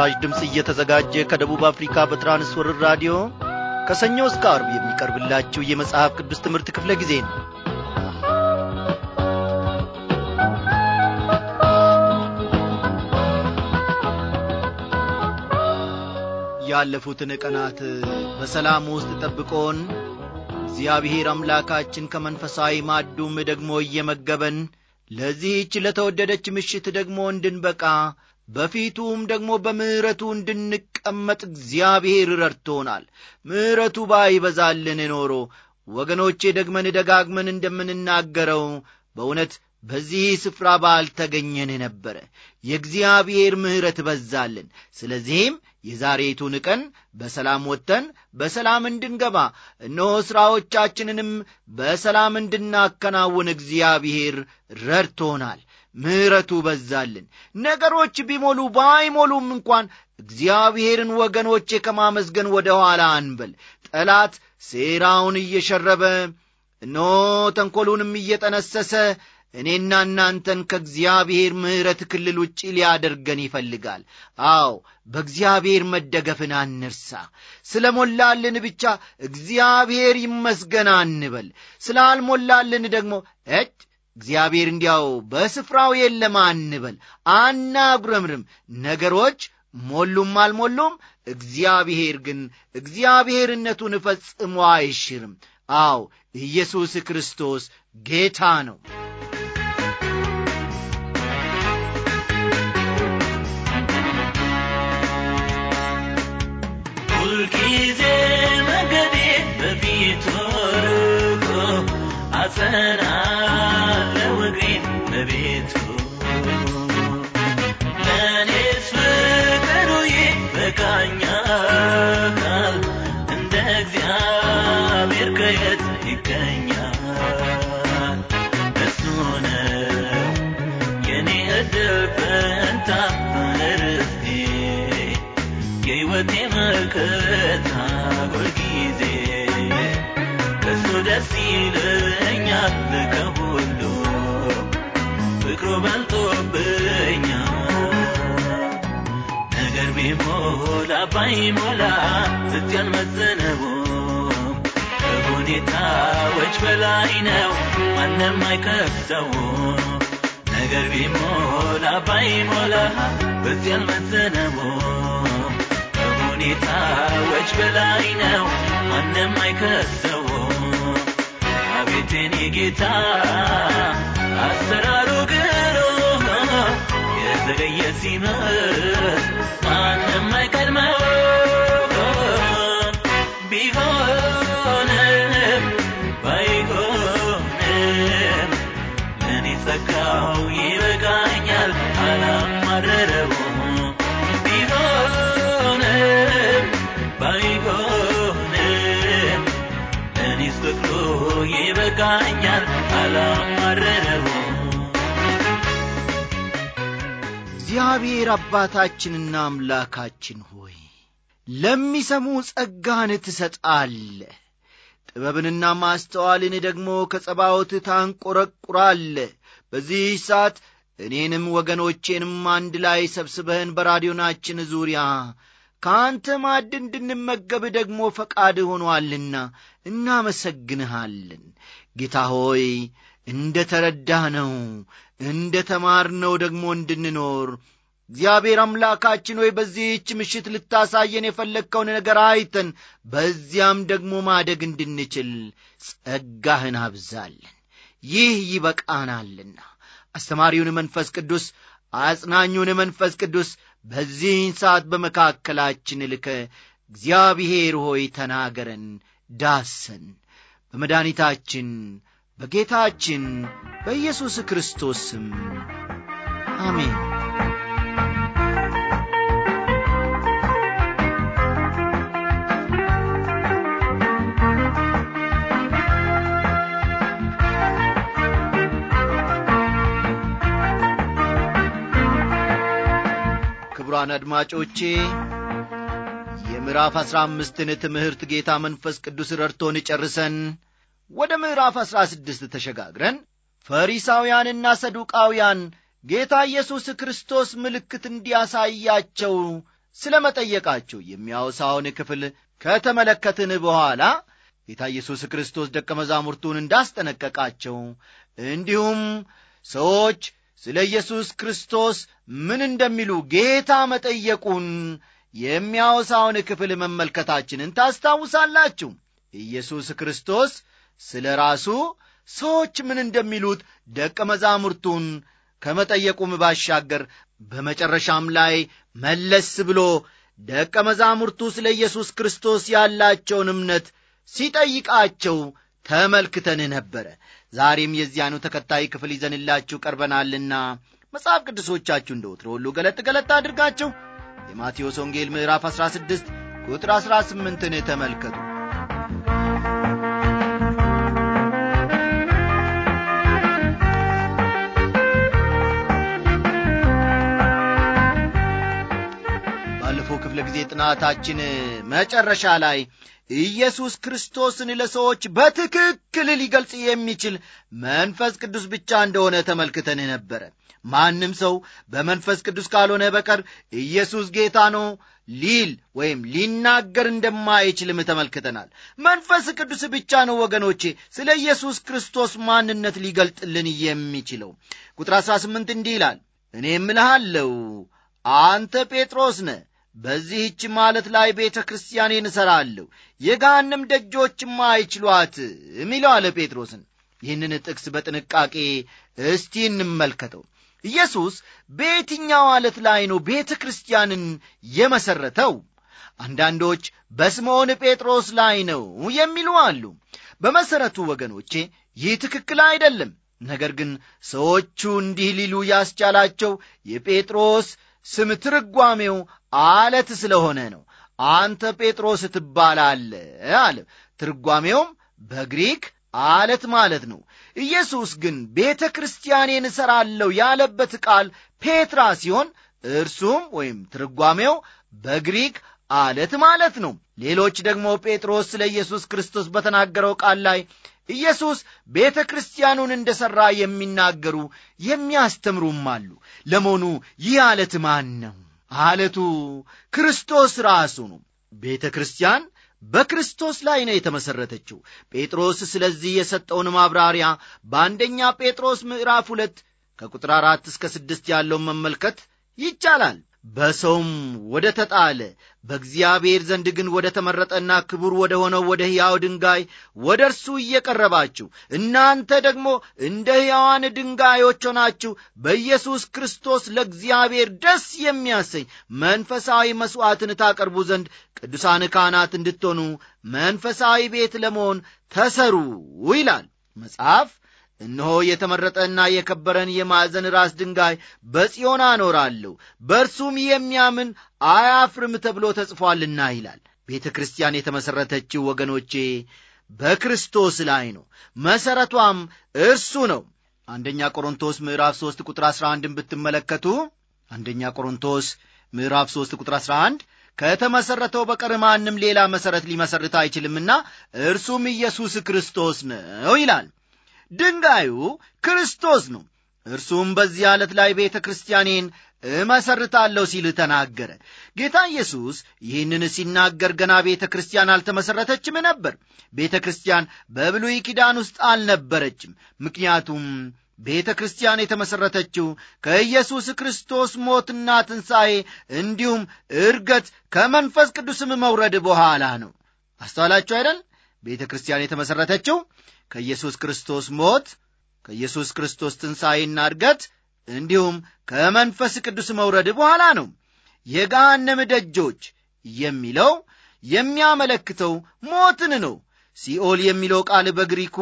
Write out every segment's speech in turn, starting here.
ለምስራች ድምፅ እየተዘጋጀ ከደቡብ አፍሪካ በትራንስወርር ራዲዮ ከሰኞ እስከ አርብ የሚቀርብላችሁ የመጽሐፍ ቅዱስ ትምህርት ክፍለ ጊዜ ነው ያለፉትን ቀናት በሰላም ውስጥ ጠብቆን እግዚአብሔር አምላካችን ከመንፈሳዊ ማዱም ደግሞ እየመገበን ለዚህች ለተወደደች ምሽት ደግሞ እንድንበቃ በፊቱም ደግሞ በምሕረቱ እንድንቀመጥ እግዚአብሔር ረድቶናል። ምሕረቱ ባይበዛልን ኖሮ ወገኖቼ ደግመን ደጋግመን እንደምንናገረው በእውነት በዚህ ስፍራ ባልተገኘን ነበረ። የእግዚአብሔር ምሕረት በዛልን። ስለዚህም የዛሬቱን ቀን በሰላም ወጥተን በሰላም እንድንገባ፣ እነሆ ሥራዎቻችንንም በሰላም እንድናከናውን እግዚአብሔር ረድቶናል። ምሕረቱ በዛልን። ነገሮች ቢሞሉ ባይሞሉም እንኳን እግዚአብሔርን ወገኖቼ ከማመስገን ወደ ኋላ አንበል። ጠላት ሴራውን እየሸረበ እኖ ተንኰሉንም እየጠነሰሰ እኔና እናንተን ከእግዚአብሔር ምሕረት ክልል ውጪ ሊያደርገን ይፈልጋል። አዎ በእግዚአብሔር መደገፍን አንርሳ። ስለ ሞላልን ብቻ እግዚአብሔር ይመስገን አንበል። ስላልሞላልን ደግሞ እጭ እግዚአብሔር እንዲያው በስፍራው የለም አንበል፣ አናጉረምርም። ነገሮች ሞሉም አልሞሉም፣ እግዚአብሔር ግን እግዚአብሔርነቱን ፈጽሞ አይሽርም። አዎ ኢየሱስ ክርስቶስ ጌታ ነው። ሁልጊዜ መገዴ በፊት ወርቆ አጸና ቤት ለቤት ሞልቶብኛ ነገር ቢሞላ ባይሞላ ስትያን መዘነቦ ከሁኔታዎች በላይ ነው ማንም አይከፍተው ነገር ቢሞላ ባይሞላ በዚያን መዘነቦ ከሁኔታዎች በላይ ነው ማንም አይከፍተው አቤቴን ጌታ አሰራሩ ግን ዘገየ ሲመር አንተ የማይቀድመው ቢሆንም ባይሆንም ለእኔ ጸጋው ይበቃኛል አላማረረው ባይሆንም ለእኔስ ፍቅሩ ይበቃኛል አላማረረው እግዚአብሔር አባታችንና አምላካችን ሆይ ለሚሰሙ ጸጋን ትሰጣለ ጥበብንና ማስተዋልን ደግሞ ከጸባዖት ታንቈረቁራለ በዚህ ሰዓት እኔንም ወገኖቼንም አንድ ላይ ሰብስበህን በራዲዮናችን ዙሪያ ከአንተ ማድ እንድንመገብ ደግሞ ፈቃድ ሆኖአልና እናመሰግንሃለን ጌታ ሆይ እንደ ነው እንደ ነው ደግሞ እንድንኖር እግዚአብሔር አምላካችን ወይ በዚህች ምሽት ልታሳየን የፈለግከውን ነገር አይተን በዚያም ደግሞ ማደግ እንድንችል ጸጋህን አብዛለን። ይህ ይበቃናልና አስተማሪውን መንፈስ ቅዱስ አጽናኙን መንፈስ ቅዱስ በዚህን ሰዓት በመካከላችን ልከ እግዚአብሔር ሆይ ተናገረን፣ ዳሰን በመድኒታችን በጌታችን በኢየሱስ ክርስቶስ አሜን። ክቡራን አድማጮቼ የምዕራፍ አሥራ አምስትን ትምህርት ጌታ መንፈስ ቅዱስ ረድቶን ጨርሰን ወደ ምዕራፍ ዐሥራ ስድስት ተሸጋግረን ፈሪሳውያንና ሰዱቃውያን ጌታ ኢየሱስ ክርስቶስ ምልክት እንዲያሳያቸው ስለ መጠየቃቸው የሚያወሳውን ክፍል ከተመለከትን በኋላ ጌታ ኢየሱስ ክርስቶስ ደቀ መዛሙርቱን እንዳስጠነቀቃቸው እንዲሁም ሰዎች ስለ ኢየሱስ ክርስቶስ ምን እንደሚሉ ጌታ መጠየቁን የሚያወሳውን ክፍል መመልከታችንን ታስታውሳላችሁ። ኢየሱስ ክርስቶስ ስለ ራሱ ሰዎች ምን እንደሚሉት ደቀ መዛሙርቱን ከመጠየቁም ባሻገር በመጨረሻም ላይ መለስ ብሎ ደቀ መዛሙርቱ ስለ ኢየሱስ ክርስቶስ ያላቸውን እምነት ሲጠይቃቸው ተመልክተን ነበረ። ዛሬም የዚያኑ ተከታይ ክፍል ይዘንላችሁ ቀርበናልና መጽሐፍ ቅዱሶቻችሁ እንደ ወትሮ ሁሉ ገለጥ ገለጥ አድርጋችሁ የማቴዎስ ወንጌል ምዕራፍ 16 ቁጥር 18ን ተመልከቱ። ክፍለ ጊዜ ጥናታችን መጨረሻ ላይ ኢየሱስ ክርስቶስን ለሰዎች በትክክል ሊገልጽ የሚችል መንፈስ ቅዱስ ብቻ እንደሆነ ተመልክተን ነበረ። ማንም ሰው በመንፈስ ቅዱስ ካልሆነ በቀር ኢየሱስ ጌታ ነው ሊል ወይም ሊናገር እንደማይችልም ተመልክተናል። መንፈስ ቅዱስ ብቻ ነው ወገኖቼ ስለ ኢየሱስ ክርስቶስ ማንነት ሊገልጥልን የሚችለው። ቁጥር 18 እንዲህ ይላል፣ እኔ እልሃለሁ አንተ ጴጥሮስ ነህ በዚህች ማለት ላይ ቤተ ክርስቲያን እሠራለሁ የጋንም ደጆችም አይችሏትም ይለዋል ጴጥሮስን። ይህንን ጥቅስ በጥንቃቄ እስቲ እንመልከተው። ኢየሱስ በየትኛው ዓለት ላይ ነው ቤተ ክርስቲያንን የመሠረተው? አንዳንዶች በስምዖን ጴጥሮስ ላይ ነው የሚሉ አሉ። በመሠረቱ ወገኖቼ ይህ ትክክል አይደለም። ነገር ግን ሰዎቹ እንዲህ ሊሉ ያስቻላቸው የጴጥሮስ ስም ትርጓሜው አለት ስለሆነ ነው። አንተ ጴጥሮስ ትባላለ አለ። ትርጓሜውም በግሪክ አለት ማለት ነው። ኢየሱስ ግን ቤተ ክርስቲያኔን እሠራለሁ ያለበት ቃል ፔትራ ሲሆን እርሱም ወይም ትርጓሜው በግሪክ አለት ማለት ነው። ሌሎች ደግሞ ጴጥሮስ ስለ ኢየሱስ ክርስቶስ በተናገረው ቃል ላይ ኢየሱስ ቤተ ክርስቲያኑን እንደ ሠራ የሚናገሩ የሚያስተምሩም አሉ። ለመሆኑ ይህ አለት ማን ነው? አለቱ ክርስቶስ ራሱ ነው። ቤተ ክርስቲያን በክርስቶስ ላይ ነው የተመሠረተችው። ጴጥሮስ ስለዚህ የሰጠውን ማብራሪያ በአንደኛ ጴጥሮስ ምዕራፍ ሁለት ከቁጥር አራት እስከ ስድስት ያለውን መመልከት ይቻላል። በሰውም ወደ ተጣለ በእግዚአብሔር ዘንድ ግን ወደ ተመረጠና ክቡር ወደ ሆነው ወደ ሕያው ድንጋይ ወደ እርሱ እየቀረባችሁ እናንተ ደግሞ እንደ ሕያዋን ድንጋዮች ሆናችሁ በኢየሱስ ክርስቶስ ለእግዚአብሔር ደስ የሚያሰኝ መንፈሳዊ መሥዋዕትን ታቀርቡ ዘንድ ቅዱሳን ካህናት እንድትሆኑ መንፈሳዊ ቤት ለመሆን ተሰሩ ይላል መጽሐፍ እነሆ የተመረጠና የከበረን የማዕዘን ራስ ድንጋይ በጽዮን አኖራለሁ፣ በእርሱም የሚያምን አያፍርም ተብሎ ተጽፏልና ይላል። ቤተ ክርስቲያን የተመሠረተችው ወገኖቼ በክርስቶስ ላይ ነው። መሠረቷም እርሱ ነው። አንደኛ ቆሮንቶስ ምዕራፍ 3 ቁጥር 11ን ብትመለከቱ አንደኛ ቆሮንቶስ ምዕራፍ 3 ቁጥር 11 ከተመሠረተው በቀር ማንም ሌላ መሠረት ሊመሠርት አይችልምና እርሱም ኢየሱስ ክርስቶስ ነው ይላል። ድንጋዩ ክርስቶስ ነው። እርሱም በዚህ ዓለት ላይ ቤተ ክርስቲያኔን እመሰርታለሁ ሲል ተናገረ። ጌታ ኢየሱስ ይህንን ሲናገር ገና ቤተ ክርስቲያን አልተመሠረተችም ነበር። ቤተ ክርስቲያን በብሉይ ኪዳን ውስጥ አልነበረችም። ምክንያቱም ቤተ ክርስቲያን የተመሠረተችው ከኢየሱስ ክርስቶስ ሞትና ትንሣኤ እንዲሁም እርገት ከመንፈስ ቅዱስም መውረድ በኋላ ነው። አስተዋላችሁ አይደል? ቤተ ክርስቲያን የተመሠረተችው ከኢየሱስ ክርስቶስ ሞት፣ ከኢየሱስ ክርስቶስ ትንሣኤና እድገት እንዲሁም ከመንፈስ ቅዱስ መውረድ በኋላ ነው። የጋነም ደጆች የሚለው የሚያመለክተው ሞትን ነው። ሲኦል የሚለው ቃል በግሪኩ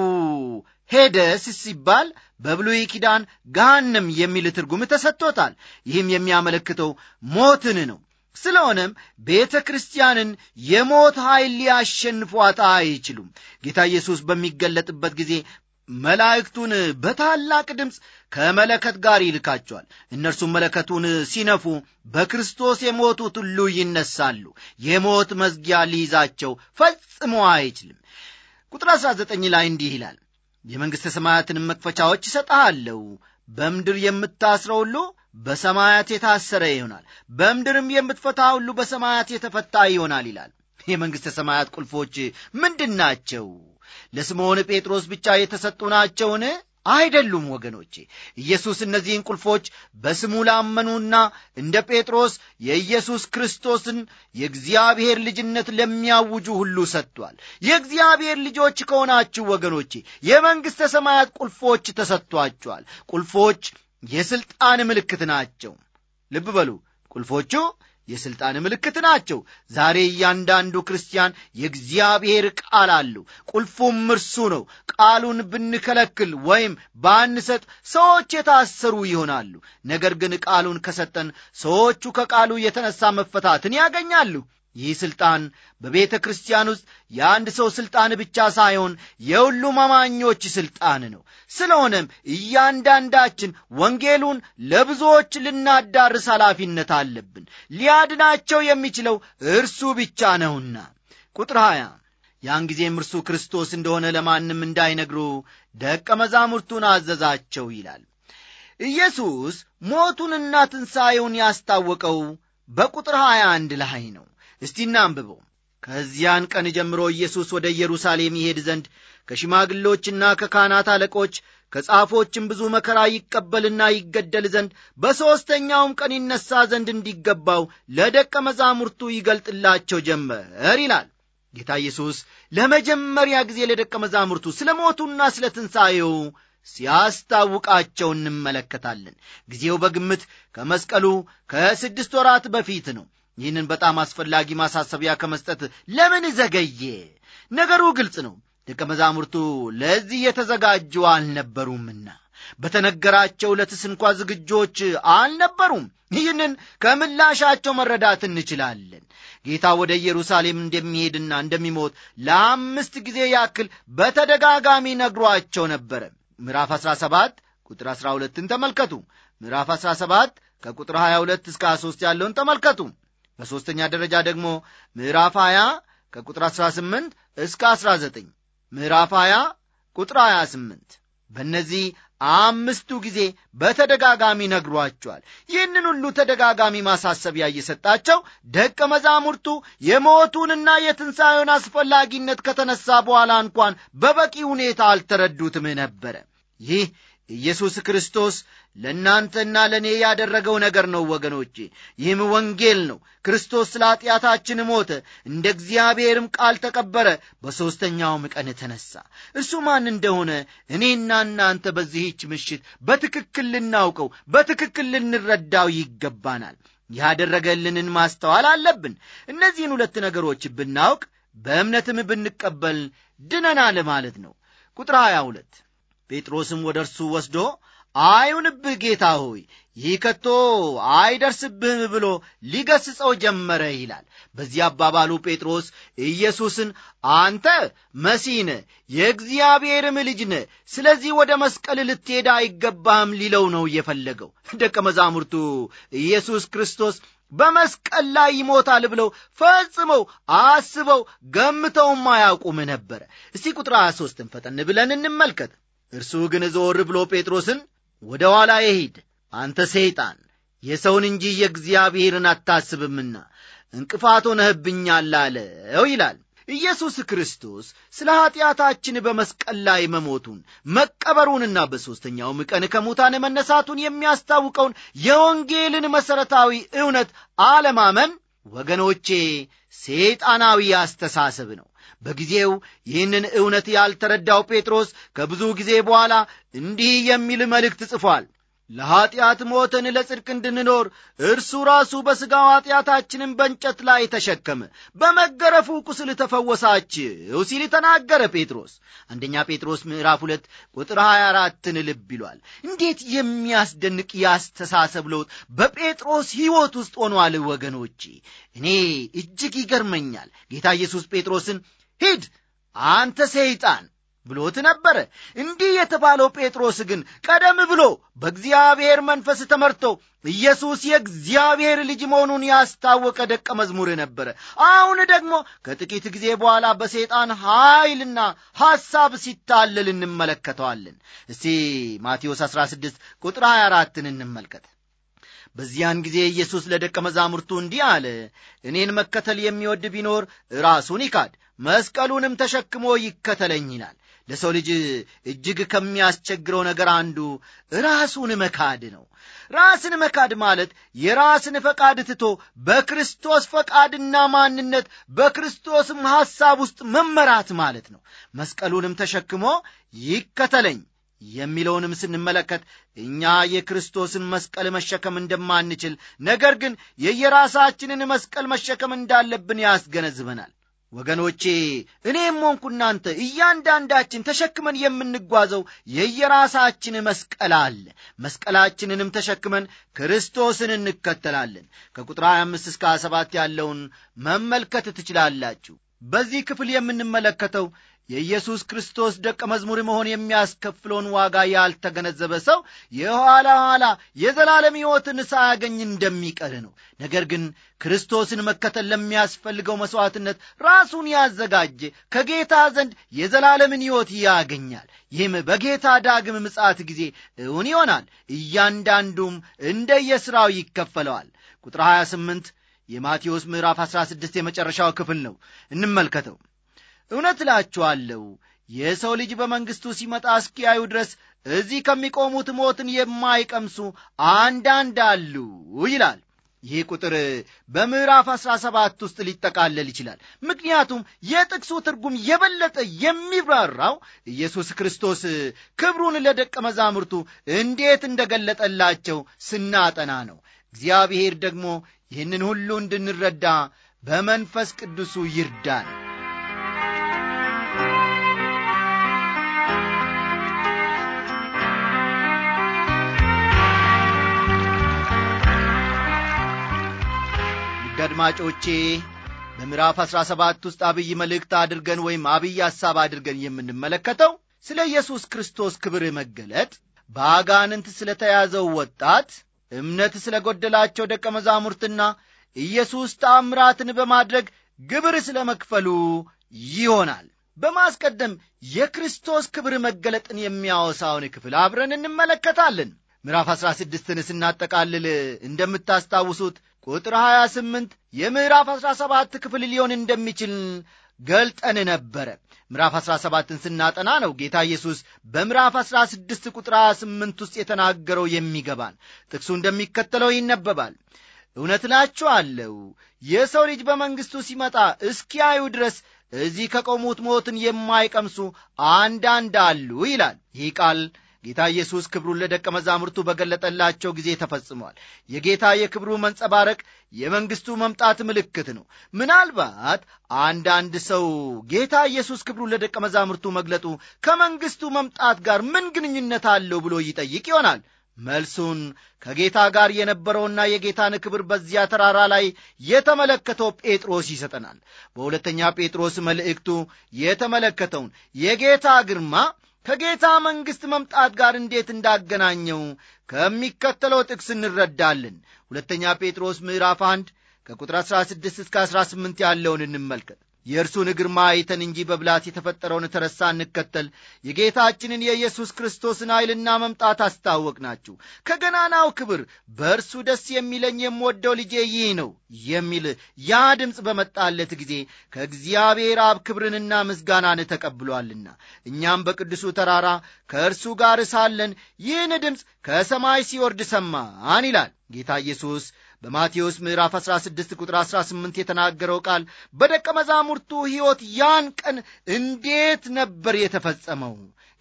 ሄደስ ሲባል በብሉይ ኪዳን ገሃነም የሚል ትርጉም ተሰጥቶታል። ይህም የሚያመለክተው ሞትን ነው። ስለሆነም ቤተ ክርስቲያንን የሞት ኃይል ሊያሸንፏት አይችሉም። ጌታ ኢየሱስ በሚገለጥበት ጊዜ መላእክቱን በታላቅ ድምፅ ከመለከት ጋር ይልካቸዋል። እነርሱም መለከቱን ሲነፉ በክርስቶስ የሞቱት ሁሉ ይነሳሉ። የሞት መዝጊያ ሊይዛቸው ፈጽሞ አይችልም። ቁጥር 19 ላይ እንዲህ ይላል፣ የመንግሥተ ሰማያትንም መክፈቻዎች ይሰጠሃለሁ በምድር የምታስረው ሁሉ በሰማያት የታሰረ ይሆናል፣ በምድርም የምትፈታ ሁሉ በሰማያት የተፈታ ይሆናል ይላል። የመንግሥተ ሰማያት ቁልፎች ምንድን ናቸው? ለስምዖን ጴጥሮስ ብቻ የተሰጡ ናቸውን? አይደሉም ወገኖቼ። ኢየሱስ እነዚህን ቁልፎች በስሙ ላመኑና እንደ ጴጥሮስ የኢየሱስ ክርስቶስን የእግዚአብሔር ልጅነት ለሚያውጁ ሁሉ ሰጥቷል። የእግዚአብሔር ልጆች ከሆናችሁ ወገኖቼ የመንግሥተ ሰማያት ቁልፎች ተሰጥቷቸዋል። ቁልፎች የሥልጣን ምልክት ናቸው። ልብ በሉ ቁልፎቹ የሥልጣን ምልክት ናቸው። ዛሬ እያንዳንዱ ክርስቲያን የእግዚአብሔር ቃል አለው። ቁልፉም እርሱ ነው። ቃሉን ብንከለክል ወይም ባንሰጥ ሰዎች የታሰሩ ይሆናሉ። ነገር ግን ቃሉን ከሰጠን ሰዎቹ ከቃሉ የተነሳ መፈታትን ያገኛሉ። ይህ ሥልጣን በቤተ ክርስቲያን ውስጥ የአንድ ሰው ሥልጣን ብቻ ሳይሆን የሁሉም አማኞች ሥልጣን ነው። ስለሆነም እያንዳንዳችን ወንጌሉን ለብዙዎች ልናዳርስ ኃላፊነት አለብን። ሊያድናቸው የሚችለው እርሱ ብቻ ነውና። ቁጥር 20 ያን ጊዜም እርሱ ክርስቶስ እንደሆነ ለማንም እንዳይነግሩ ደቀ መዛሙርቱን አዘዛቸው ይላል። ኢየሱስ ሞቱንና ትንሣኤውን ያስታወቀው በቁጥር 21 ላይ ነው። እስቲ እናንብበው። ከዚያን ቀን ጀምሮ ኢየሱስ ወደ ኢየሩሳሌም ይሄድ ዘንድ ከሽማግሎችና ከካህናት አለቆች ከጻፎችም ብዙ መከራ ይቀበልና ይገደል ዘንድ በሦስተኛውም ቀን ይነሣ ዘንድ እንዲገባው ለደቀ መዛሙርቱ ይገልጥላቸው ጀመር ይላል። ጌታ ኢየሱስ ለመጀመሪያ ጊዜ ለደቀ መዛሙርቱ ስለ ሞቱና ስለ ትንሣኤው ሲያስታውቃቸው እንመለከታለን። ጊዜው በግምት ከመስቀሉ ከስድስት ወራት በፊት ነው። ይህንን በጣም አስፈላጊ ማሳሰቢያ ከመስጠት ለምን ዘገየ? ነገሩ ግልጽ ነው። ደቀ መዛሙርቱ ለዚህ የተዘጋጁ አልነበሩምና በተነገራቸው ለትስ እንኳ ዝግጆች አልነበሩም። ይህንን ከምላሻቸው መረዳት እንችላለን። ጌታ ወደ ኢየሩሳሌም እንደሚሄድና እንደሚሞት ለአምስት ጊዜ ያክል በተደጋጋሚ ነግሯቸው ነበረ። ምዕራፍ 17 ቁጥር 12ን ተመልከቱ። ምዕራፍ 17 ከቁጥር 22 እስከ 23 ያለውን ተመልከቱ። በሦስተኛ ደረጃ ደግሞ ምዕራፍ 20 ከቁጥር 18 እስከ 19 ምዕራፍ 20 ቁጥር 28 በእነዚህ አምስቱ ጊዜ በተደጋጋሚ ነግሯቸዋል። ይህንን ሁሉ ተደጋጋሚ ማሳሰቢያ እየሰጣቸው ደቀ መዛሙርቱ የሞቱንና የትንሣኤውን አስፈላጊነት ከተነሳ በኋላ እንኳን በበቂ ሁኔታ አልተረዱትም ነበረ። ይህ ኢየሱስ ክርስቶስ ለእናንተና ለእኔ ያደረገው ነገር ነው ወገኖቼ። ይህም ወንጌል ነው። ክርስቶስ ስለ ኀጢአታችን ሞተ፣ እንደ እግዚአብሔርም ቃል ተቀበረ፣ በሦስተኛውም ቀን ተነሣ። እርሱ ማን እንደሆነ እኔና እናንተ በዚህች ምሽት በትክክል ልናውቀው፣ በትክክል ልንረዳው ይገባናል። ያደረገልንን ማስተዋል አለብን። እነዚህን ሁለት ነገሮች ብናውቅ፣ በእምነትም ብንቀበል ድነናል ማለት ነው። ቁጥር 22 ጴጥሮስም ወደ እርሱ ወስዶ አይሁንብህ ጌታ ሆይ ይህ ከቶ አይደርስብህም ብሎ ሊገስጸው ጀመረ ይላል። በዚህ አባባሉ ጴጥሮስ ኢየሱስን አንተ መሲህ የእግዚአብሔርም ልጅ ስለዚህ ወደ መስቀል ልትሄድ አይገባህም ሊለው ነው የፈለገው። ደቀ መዛሙርቱ ኢየሱስ ክርስቶስ በመስቀል ላይ ይሞታል ብለው ፈጽመው አስበው ገምተውም አያውቁም ነበረ። እስቲ ቁጥር 23 ፈጠን ብለን እንመልከት። እርሱ ግን ዞር ብሎ ጴጥሮስን ወደ ኋላ የሂድ አንተ ሰይጣን፣ የሰውን እንጂ የእግዚአብሔርን አታስብምና እንቅፋት ሆነህብኛል አለው ይላል። ኢየሱስ ክርስቶስ ስለ ኀጢአታችን በመስቀል ላይ መሞቱን መቀበሩንና በሦስተኛውም ቀን ከሙታን መነሳቱን የሚያስታውቀውን የወንጌልን መሠረታዊ እውነት አለማመን ወገኖቼ ሰይጣናዊ አስተሳሰብ ነው። በጊዜው ይህንን እውነት ያልተረዳው ጴጥሮስ ከብዙ ጊዜ በኋላ እንዲህ የሚል መልእክት ጽፏል። ለኀጢአት ሞተን ለጽድቅ እንድንኖር እርሱ ራሱ በሥጋው ኀጢአታችንን በእንጨት ላይ ተሸከመ፣ በመገረፉ ቁስል ተፈወሳችሁ ሲል ተናገረ ጴጥሮስ። አንደኛ ጴጥሮስ ምዕራፍ 2 ቁጥር 24 ልብ ይሏል። እንዴት የሚያስደንቅ ያስተሳሰብ ለውጥ በጴጥሮስ ሕይወት ውስጥ ሆኗል ወገኖቼ። እኔ እጅግ ይገርመኛል ጌታ ኢየሱስ ጴጥሮስን ሂድ አንተ ሰይጣን ብሎት ነበረ። እንዲህ የተባለው ጴጥሮስ ግን ቀደም ብሎ በእግዚአብሔር መንፈስ ተመርቶ ኢየሱስ የእግዚአብሔር ልጅ መሆኑን ያስታወቀ ደቀ መዝሙር ነበረ። አሁን ደግሞ ከጥቂት ጊዜ በኋላ በሰይጣን ኃይልና ሐሳብ ሲታለል እንመለከተዋለን። እስቲ ማቴዎስ 16 ቁጥር 24ን እንመልከት። በዚያን ጊዜ ኢየሱስ ለደቀ መዛሙርቱ እንዲህ አለ፣ እኔን መከተል የሚወድ ቢኖር ራሱን ይካድ መስቀሉንም ተሸክሞ ይከተለኝ ይላል። ለሰው ልጅ እጅግ ከሚያስቸግረው ነገር አንዱ ራሱን መካድ ነው። ራስን መካድ ማለት የራስን ፈቃድ ትቶ በክርስቶስ ፈቃድና ማንነት በክርስቶስም ሐሳብ ውስጥ መመራት ማለት ነው። መስቀሉንም ተሸክሞ ይከተለኝ የሚለውንም ስንመለከት እኛ የክርስቶስን መስቀል መሸከም እንደማንችል ነገር ግን የየራሳችንን መስቀል መሸከም እንዳለብን ያስገነዝበናል። ወገኖቼ እኔም ሆንኩ እናንተ እያንዳንዳችን ተሸክመን የምንጓዘው የየራሳችን መስቀል አለ። መስቀላችንንም ተሸክመን ክርስቶስን እንከተላለን። ከቁጥር 25 እስከ 27 ያለውን መመልከት ትችላላችሁ። በዚህ ክፍል የምንመለከተው የኢየሱስ ክርስቶስ ደቀ መዝሙር መሆን የሚያስከፍለውን ዋጋ ያልተገነዘበ ሰው የኋላ ኋላ የዘላለም ሕይወትን ሳያገኝ እንደሚቀር ነው። ነገር ግን ክርስቶስን መከተል ለሚያስፈልገው መሥዋዕትነት ራሱን ያዘጋጀ ከጌታ ዘንድ የዘላለምን ሕይወት ያገኛል። ይህም በጌታ ዳግም ምጽአት ጊዜ እውን ይሆናል። እያንዳንዱም እንደ የሥራው ይከፈለዋል። ቁጥር 28 የማቴዎስ ምዕራፍ 16 የመጨረሻው ክፍል ነው። እንመልከተው። እውነት እላችኋለሁ የሰው ልጅ በመንግሥቱ ሲመጣ እስኪያዩ ድረስ እዚህ ከሚቆሙት ሞትን የማይቀምሱ አንዳንድ አሉ ይላል። ይህ ቁጥር በምዕራፍ 17 ሰባት ውስጥ ሊጠቃለል ይችላል። ምክንያቱም የጥቅሱ ትርጉም የበለጠ የሚብራራው ኢየሱስ ክርስቶስ ክብሩን ለደቀ መዛሙርቱ እንዴት እንደገለጠላቸው ስናጠና ነው። እግዚአብሔር ደግሞ ይህንን ሁሉ እንድንረዳ በመንፈስ ቅዱሱ ይርዳን። ውድ አድማጮቼ በምዕራፍ 17 ውስጥ አብይ መልእክት አድርገን ወይም አብይ ሐሳብ አድርገን የምንመለከተው ስለ ኢየሱስ ክርስቶስ ክብር መገለጥ በአጋንንት ስለ ተያዘው ወጣት እምነት ስለ ጐደላቸው ደቀ መዛሙርትና ኢየሱስ ታምራትን በማድረግ ግብር ስለ መክፈሉ ይሆናል። በማስቀደም የክርስቶስ ክብር መገለጥን የሚያወሳውን ክፍል አብረን እንመለከታለን። ምዕራፍ 16ን ስናጠቃልል እንደምታስታውሱት ቁጥር 28 የምዕራፍ 17 ክፍል ሊሆን እንደሚችል ገልጠን ነበረ። ምዕራፍ 17ን ስናጠና ነው ጌታ ኢየሱስ በምዕራፍ 16 ቁጥር 28 ውስጥ የተናገረው የሚገባን። ጥቅሱ እንደሚከተለው ይነበባል። እውነት እላችኋለሁ የሰው ልጅ በመንግሥቱ ሲመጣ እስኪያዩ ድረስ እዚህ ከቆሙት ሞትን የማይቀምሱ አንዳንድ አሉ ይላል። ይህ ቃል ጌታ ኢየሱስ ክብሩን ለደቀ መዛሙርቱ በገለጠላቸው ጊዜ ተፈጽሟል። የጌታ የክብሩ መንጸባረቅ የመንግሥቱ መምጣት ምልክት ነው። ምናልባት አንዳንድ ሰው ጌታ ኢየሱስ ክብሩን ለደቀ መዛሙርቱ መግለጡ ከመንግሥቱ መምጣት ጋር ምን ግንኙነት አለው ብሎ ይጠይቅ ይሆናል። መልሱን ከጌታ ጋር የነበረውና የጌታን ክብር በዚያ ተራራ ላይ የተመለከተው ጴጥሮስ ይሰጠናል። በሁለተኛ ጴጥሮስ መልእክቱ የተመለከተውን የጌታ ግርማ ከጌታ መንግሥት መምጣት ጋር እንዴት እንዳገናኘው ከሚከተለው ጥቅስ እንረዳለን። ሁለተኛ ጴጥሮስ ምዕራፍ 1 ከቁጥር 16 እስከ 18 ያለውን እንመልከት። የእርሱን እግር አይተን እንጂ በብላት የተፈጠረውን ተረሳ እንከተል የጌታችንን የኢየሱስ ክርስቶስን ኃይልና መምጣት አስታወቅናችሁ። ከገናናው ክብር በእርሱ ደስ የሚለኝ የምወደው ልጄ ይህ ነው የሚል ያ ድምፅ በመጣለት ጊዜ ከእግዚአብሔር አብ ክብርንና ምስጋናን ተቀብሏልና እኛም በቅዱሱ ተራራ ከእርሱ ጋር ሳለን ይህን ድምፅ ከሰማይ ሲወርድ ሰማን ይላል ጌታ ኢየሱስ በማቴዎስ ምዕራፍ 16 ቁጥር 18 የተናገረው ቃል በደቀ መዛሙርቱ ሕይወት ያን ቀን እንዴት ነበር የተፈጸመው?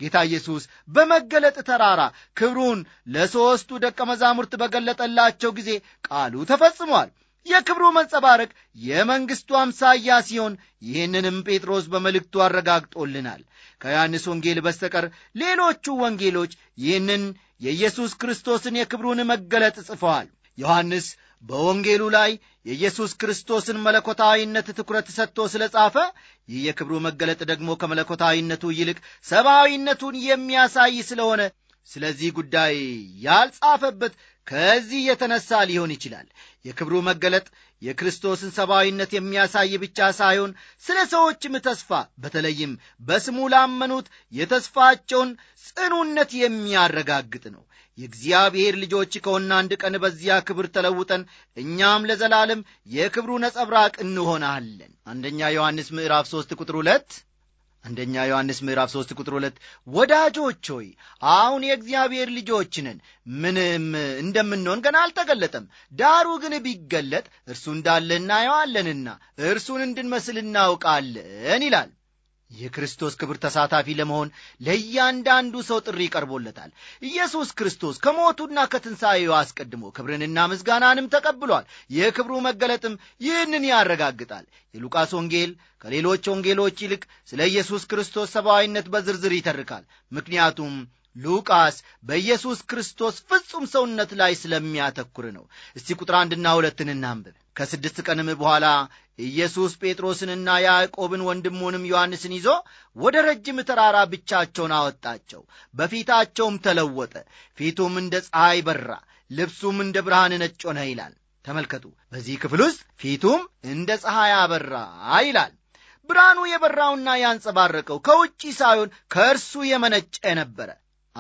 ጌታ ኢየሱስ በመገለጥ ተራራ ክብሩን ለሦስቱ ደቀ መዛሙርት በገለጠላቸው ጊዜ ቃሉ ተፈጽሟል። የክብሩ መንጸባረቅ የመንግሥቱ አምሳያ ሲሆን ይህንንም ጴጥሮስ በመልእክቱ አረጋግጦልናል። ከዮሐንስ ወንጌል በስተቀር ሌሎቹ ወንጌሎች ይህንን የኢየሱስ ክርስቶስን የክብሩን መገለጥ ጽፈዋል። ዮሐንስ በወንጌሉ ላይ የኢየሱስ ክርስቶስን መለኮታዊነት ትኩረት ሰጥቶ ስለ ጻፈ ይህ የክብሩ መገለጥ ደግሞ ከመለኮታዊነቱ ይልቅ ሰብአዊነቱን የሚያሳይ ስለሆነ ስለዚህ ጉዳይ ያልጻፈበት ከዚህ የተነሳ ሊሆን ይችላል። የክብሩ መገለጥ የክርስቶስን ሰብአዊነት የሚያሳይ ብቻ ሳይሆን ስለ ሰዎችም ተስፋ በተለይም በስሙ ላመኑት የተስፋቸውን ጽኑነት የሚያረጋግጥ ነው። የእግዚአብሔር ልጆች ከሆነ አንድ ቀን በዚያ ክብር ተለውጠን እኛም ለዘላለም የክብሩ ነጸብራቅ እንሆናለን። አንደኛ ዮሐንስ ምዕራፍ 3 ቁጥር 2 አንደኛ ዮሐንስ ምዕራፍ 3 ቁጥር 2 ወዳጆች ሆይ አሁን የእግዚአብሔር ልጆች ነን፣ ምንም እንደምንሆን ገና አልተገለጠም። ዳሩ ግን ቢገለጥ እርሱ እንዳለ እናየዋለንና እርሱን እንድንመስል እናውቃለን ይላል። የክርስቶስ ክብር ተሳታፊ ለመሆን ለእያንዳንዱ ሰው ጥሪ ቀርቦለታል። ኢየሱስ ክርስቶስ ከሞቱና ከትንሣኤው አስቀድሞ ክብርንና ምስጋናንም ተቀብሏል። የክብሩ መገለጥም ይህንን ያረጋግጣል። የሉቃስ ወንጌል ከሌሎች ወንጌሎች ይልቅ ስለ ኢየሱስ ክርስቶስ ሰብአዊነት በዝርዝር ይተርካል። ምክንያቱም ሉቃስ በኢየሱስ ክርስቶስ ፍጹም ሰውነት ላይ ስለሚያተኩር ነው። እስቲ ቁጥር አንድና ሁለትን እናንብብ። ከስድስት ቀንም በኋላ ኢየሱስ ጴጥሮስንና ያዕቆብን ወንድሙንም ዮሐንስን ይዞ ወደ ረጅም ተራራ ብቻቸውን አወጣቸው። በፊታቸውም ተለወጠ። ፊቱም እንደ ፀሐይ በራ፣ ልብሱም እንደ ብርሃን ነጭ ሆነ ይላል። ተመልከቱ። በዚህ ክፍል ውስጥ ፊቱም እንደ ፀሐይ አበራ ይላል። ብርሃኑ የበራውና ያንጸባረቀው ከውጪ ሳይሆን ከእርሱ የመነጨ ነበረ።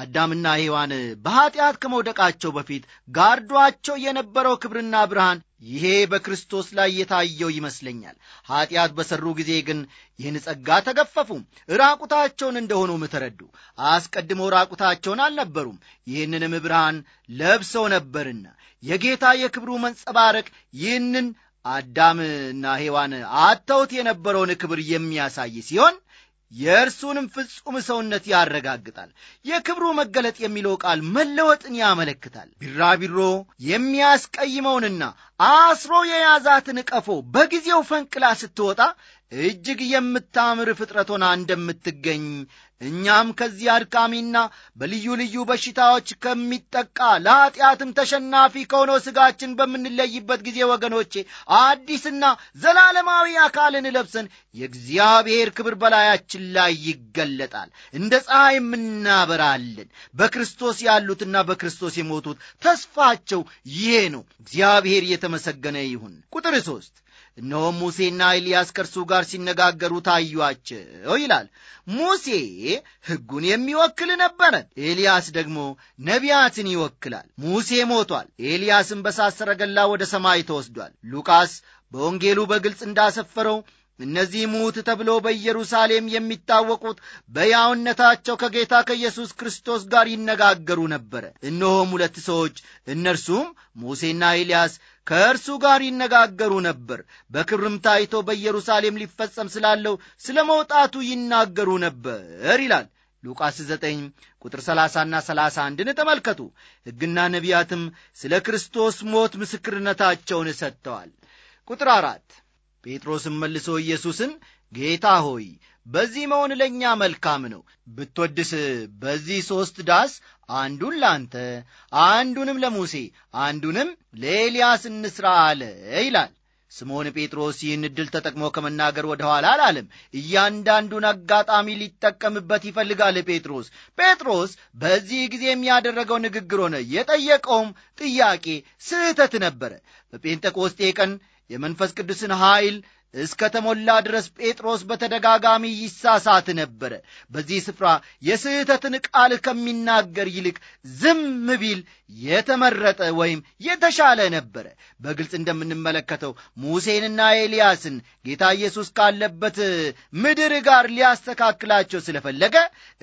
አዳምና ሔዋን በኀጢአት ከመውደቃቸው በፊት ጋርዷቸው የነበረው ክብርና ብርሃን ይሄ በክርስቶስ ላይ የታየው ይመስለኛል። ኀጢአት በሠሩ ጊዜ ግን ይህን ጸጋ ተገፈፉ፣ ራቁታቸውን እንደሆኑም ተረዱ። አስቀድሞ ራቁታቸውን አልነበሩም፣ ይህንንም ብርሃን ለብሰው ነበርና የጌታ የክብሩ መንጸባረቅ ይህንን አዳምና ሔዋን አተውት የነበረውን ክብር የሚያሳይ ሲሆን የእርሱንም ፍጹም ሰውነት ያረጋግጣል። የክብሩ መገለጥ የሚለው ቃል መለወጥን ያመለክታል። ቢራቢሮ የሚያስቀይመውንና አስሮ የያዛትን ቀፎ በጊዜው ፈንቅላ ስትወጣ እጅግ የምታምር ፍጥረት ሆና እንደምትገኝ እኛም ከዚህ አድካሚና በልዩ ልዩ በሽታዎች ከሚጠቃ ለኀጢአትም ተሸናፊ ከሆነው ሥጋችን በምንለይበት ጊዜ ወገኖቼ አዲስና ዘላለማዊ አካልን ለብሰን የእግዚአብሔር ክብር በላያችን ላይ ይገለጣል። እንደ ፀሐይ የምናበራለን። በክርስቶስ ያሉትና በክርስቶስ የሞቱት ተስፋቸው ይሄ ነው። እግዚአብሔር እየተመሰገነ ይሁን። ቁጥር ሦስት እነሆም ሙሴና ኤልያስ ከእርሱ ጋር ሲነጋገሩ ታዩአቸው ይላል። ሙሴ ሕጉን የሚወክል ነበረ። ኤልያስ ደግሞ ነቢያትን ይወክላል። ሙሴ ሞቷል። ኤልያስም በሳሰረገላ ሰረገላ ወደ ሰማይ ተወስዷል። ሉቃስ በወንጌሉ በግልጽ እንዳሰፈረው እነዚህ ሙት ተብሎ በኢየሩሳሌም የሚታወቁት በያውነታቸው ከጌታ ከኢየሱስ ክርስቶስ ጋር ይነጋገሩ ነበረ። እነሆም ሁለት ሰዎች እነርሱም ሙሴና ኤልያስ ከእርሱ ጋር ይነጋገሩ ነበር። በክብርም ታይቶ በኢየሩሳሌም ሊፈጸም ስላለው ስለ መውጣቱ ይናገሩ ነበር ይላል ሉቃስ 9 ቁጥር 30ና 31ን ተመልከቱ። ሕግና ነቢያትም ስለ ክርስቶስ ሞት ምስክርነታቸውን ሰጥተዋል። ቁጥር አራት ጴጥሮስም መልሶ ኢየሱስን ጌታ ሆይ በዚህ መሆን ለእኛ መልካም ነው። ብትወድስ በዚህ ሦስት ዳስ አንዱን ላንተ፣ አንዱንም ለሙሴ፣ አንዱንም ለኤልያስ እንሥራ አለ ይላል። ስምዖን ጴጥሮስ ይህን ዕድል ተጠቅሞ ከመናገር ወደ ኋላ አላለም። እያንዳንዱን አጋጣሚ ሊጠቀምበት ይፈልጋል። ጴጥሮስ ጴጥሮስ በዚህ ጊዜ የሚያደረገው ንግግር ሆነ የጠየቀውም ጥያቄ ስህተት ነበረ። በጴንጠቆስጤ ቀን የመንፈስ ቅዱስን ኃይል እስከ ተሞላ ድረስ ጴጥሮስ በተደጋጋሚ ይሳሳት ነበረ። በዚህ ስፍራ የስህተትን ቃል ከሚናገር ይልቅ ዝም ቢል የተመረጠ ወይም የተሻለ ነበረ። በግልጽ እንደምንመለከተው ሙሴንና ኤልያስን ጌታ ኢየሱስ ካለበት ምድር ጋር ሊያስተካክላቸው ስለፈለገ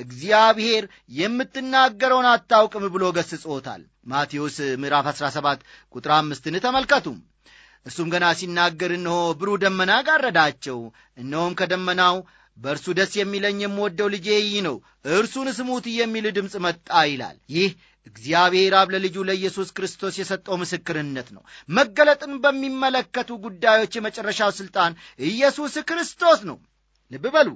እግዚአብሔር የምትናገረውን አታውቅም ብሎ ገስጾታል። ማቴዎስ ምዕራፍ 17 ቁጥር አምስትን ተመልከቱም። እርሱም ገና ሲናገር እንሆ ብሩ ደመና ጋረዳቸው። እነሆም ከደመናው በእርሱ ደስ የሚለኝ የምወደው ልጄ ይህ ነው፣ እርሱን ስሙት የሚል ድምፅ መጣ ይላል። ይህ እግዚአብሔር አብ ለልጁ ለኢየሱስ ክርስቶስ የሰጠው ምስክርነት ነው። መገለጥን በሚመለከቱ ጉዳዮች የመጨረሻው ሥልጣን ኢየሱስ ክርስቶስ ነው። ልብ በሉ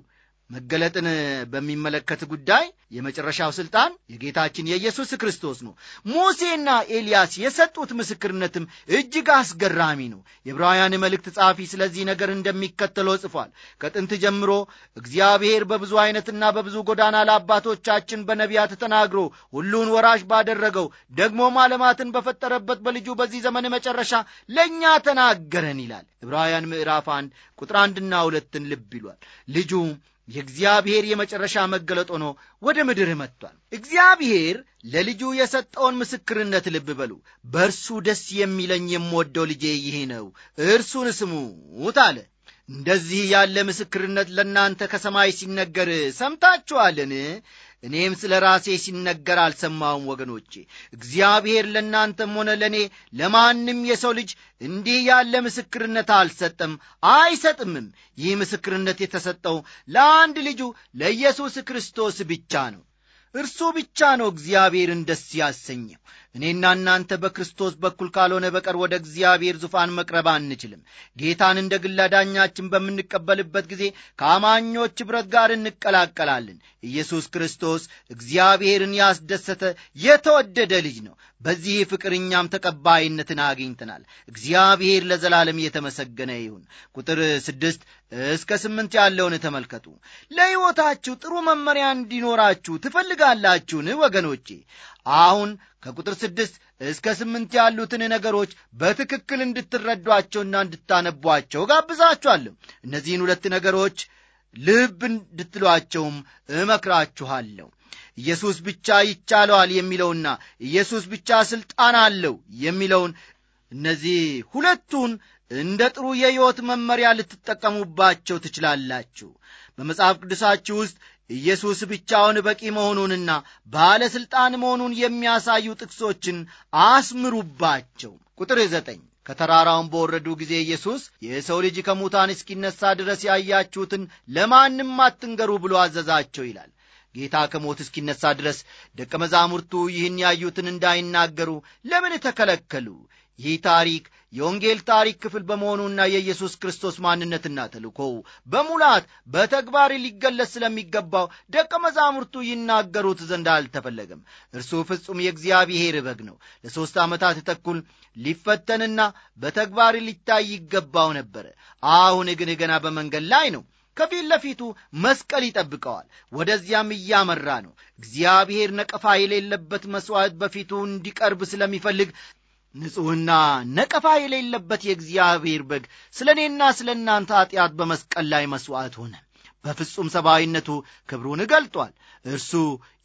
መገለጥን በሚመለከት ጉዳይ የመጨረሻው ስልጣን የጌታችን የኢየሱስ ክርስቶስ ነው። ሙሴና ኤልያስ የሰጡት ምስክርነትም እጅግ አስገራሚ ነው። የዕብራውያን መልእክት ጸሐፊ ስለዚህ ነገር እንደሚከተለው ጽፏል። ከጥንት ጀምሮ እግዚአብሔር በብዙ ዐይነትና በብዙ ጎዳና ለአባቶቻችን በነቢያት ተናግሮ ሁሉን ወራሽ ባደረገው ደግሞም ዓለማትን በፈጠረበት በልጁ በዚህ ዘመን መጨረሻ ለእኛ ተናገረን ይላል። ዕብራውያን ምዕራፍ አንድ ቁጥር አንድና ሁለትን ልብ ይሏል። ልጁ የእግዚአብሔር የመጨረሻ መገለጥ ሆኖ ወደ ምድር መጥቷል። እግዚአብሔር ለልጁ የሰጠውን ምስክርነት ልብ በሉ። በእርሱ ደስ የሚለኝ የምወደው ልጄ ይህ ነው፣ እርሱን ስሙት አለ። እንደዚህ ያለ ምስክርነት ለእናንተ ከሰማይ ሲነገር ሰምታችኋልን? እኔም ስለ ራሴ ሲነገር አልሰማውም። ወገኖቼ እግዚአብሔር ለእናንተም ሆነ ለእኔ ለማንም የሰው ልጅ እንዲህ ያለ ምስክርነት አልሰጠም አይሰጥምም። ይህ ምስክርነት የተሰጠው ለአንድ ልጁ ለኢየሱስ ክርስቶስ ብቻ ነው። እርሱ ብቻ ነው እግዚአብሔርን ደስ ያሰኘው። እኔና እናንተ በክርስቶስ በኩል ካልሆነ በቀር ወደ እግዚአብሔር ዙፋን መቅረብ አንችልም። ጌታን እንደ ግል በምንቀበልበት ጊዜ ከአማኞች ኅብረት ጋር እንቀላቀላለን። ኢየሱስ ክርስቶስ እግዚአብሔርን ያስደሰተ የተወደደ ልጅ ነው። በዚህ ፍቅር ተቀባይነትን አግኝተናል። እግዚአብሔር ለዘላለም እየተመሰገነ ይሁን። ቁጥር ስድስት እስከ ስምንት ያለውን ተመልከቱ። ለሕይወታችሁ ጥሩ መመሪያ እንዲኖራችሁ ትፈልጋላችሁን? ወገኖቼ አሁን ከቁጥር ስድስት እስከ ስምንት ያሉትን ነገሮች በትክክል እንድትረዷቸውና እንድታነቧቸው ጋብዛችኋለሁ። እነዚህን ሁለት ነገሮች ልብ እንድትሏቸውም እመክራችኋለሁ። ኢየሱስ ብቻ ይቻለዋል የሚለውና ኢየሱስ ብቻ ሥልጣን አለው የሚለውን እነዚህ ሁለቱን እንደ ጥሩ የሕይወት መመሪያ ልትጠቀሙባቸው ትችላላችሁ። በመጽሐፍ ቅዱሳችሁ ውስጥ ኢየሱስ ብቻውን በቂ መሆኑንና ባለሥልጣን መሆኑን የሚያሳዩ ጥቅሶችን አስምሩባቸው። ቁጥር ዘጠኝ ከተራራውን በወረዱ ጊዜ ኢየሱስ የሰው ልጅ ከሙታን እስኪነሳ ድረስ ያያችሁትን ለማንም አትንገሩ ብሎ አዘዛቸው ይላል። ጌታ ከሞት እስኪነሳ ድረስ ደቀ መዛሙርቱ ይህን ያዩትን እንዳይናገሩ ለምን ተከለከሉ? ይህ ታሪክ የወንጌል ታሪክ ክፍል በመሆኑና የኢየሱስ ክርስቶስ ማንነትና ተልኮው በሙላት በተግባር ሊገለጽ ስለሚገባው ደቀ መዛሙርቱ ይናገሩት ዘንድ አልተፈለገም። እርሱ ፍጹም የእግዚአብሔር በግ ነው። ለሦስት ዓመታት ተኩል ሊፈተንና በተግባር ሊታይ ይገባው ነበረ። አሁን ግን ገና በመንገድ ላይ ነው። ከፊት ለፊቱ መስቀል ይጠብቀዋል። ወደዚያም እያመራ ነው። እግዚአብሔር ነቀፋ የሌለበት መሥዋዕት በፊቱ እንዲቀርብ ስለሚፈልግ ንጹሕና ነቀፋ የሌለበት የእግዚአብሔር በግ ስለ እኔና ስለ እናንተ ኀጢአት በመስቀል ላይ መሥዋዕት ሆነ። በፍጹም ሰብአዊነቱ ክብሩን ገልጧል። እርሱ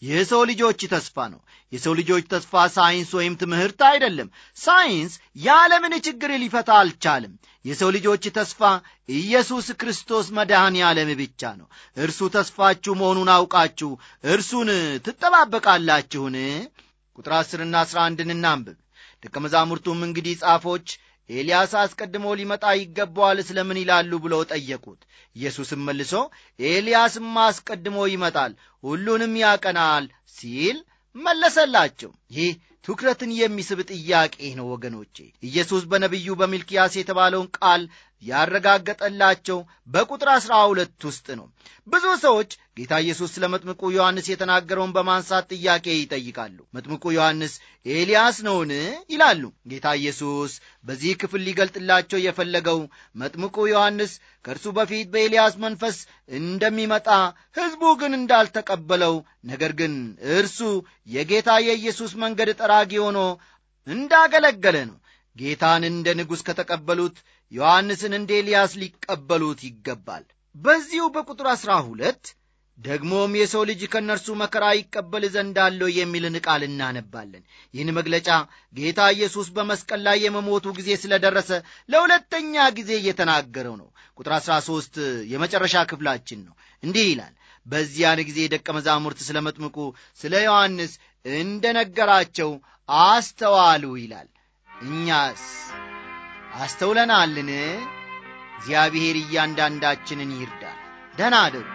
የሰው ልጆች ተስፋ ነው። የሰው ልጆች ተስፋ ሳይንስ ወይም ትምህርት አይደለም። ሳይንስ የዓለምን ችግር ሊፈታ አልቻልም። የሰው ልጆች ተስፋ ኢየሱስ ክርስቶስ መድኃኔ ዓለም ብቻ ነው። እርሱ ተስፋችሁ መሆኑን አውቃችሁ እርሱን ትጠባበቃላችሁን? ቁጥር ዐሥርና ዐሥራ አንድን እናንብብ። ደቀ መዛሙርቱም እንግዲህ ጻፎች ኤልያስ አስቀድሞ ሊመጣ ይገባዋል ስለምን ይላሉ ብለው ጠየቁት። ኢየሱስም መልሶ ኤልያስም አስቀድሞ ይመጣል፣ ሁሉንም ያቀናል ሲል መለሰላቸው። ይህ ትኩረትን የሚስብ ጥያቄ ነው ወገኖቼ። ኢየሱስ በነቢዩ በሚልኪያስ የተባለውን ቃል ያረጋገጠላቸው በቁጥር ዐሥራ ሁለት ውስጥ ነው። ብዙ ሰዎች ጌታ ኢየሱስ ስለ መጥምቁ ዮሐንስ የተናገረውን በማንሳት ጥያቄ ይጠይቃሉ። መጥምቁ ዮሐንስ ኤልያስ ነውን? ይላሉ። ጌታ ኢየሱስ በዚህ ክፍል ሊገልጥላቸው የፈለገው መጥምቁ ዮሐንስ ከእርሱ በፊት በኤልያስ መንፈስ እንደሚመጣ ሕዝቡ ግን እንዳልተቀበለው፣ ነገር ግን እርሱ የጌታ የኢየሱስ መንገድ ጠራ አድራጊ ሆኖ እንዳገለገለ ነው። ጌታን እንደ ንጉሥ ከተቀበሉት ዮሐንስን እንደ ኤልያስ ሊቀበሉት ይገባል። በዚሁ በቁጥር ዐሥራ ሁለት ደግሞም የሰው ልጅ ከእነርሱ መከራ ይቀበል ዘንድ አለው የሚልን ቃል እናነባለን። ይህን መግለጫ ጌታ ኢየሱስ በመስቀል ላይ የመሞቱ ጊዜ ስለደረሰ ለሁለተኛ ጊዜ እየተናገረው ነው። ቁጥር 13 የመጨረሻ ክፍላችን ነው። እንዲህ ይላል፣ በዚያን ጊዜ ደቀ መዛሙርት ስለ መጥምቁ ስለ ዮሐንስ እንደ ነገራቸው አስተዋሉ ይላል። እኛስ አስተውለናልን? እግዚአብሔር እያንዳንዳችንን ይርዳል። ደናደሩ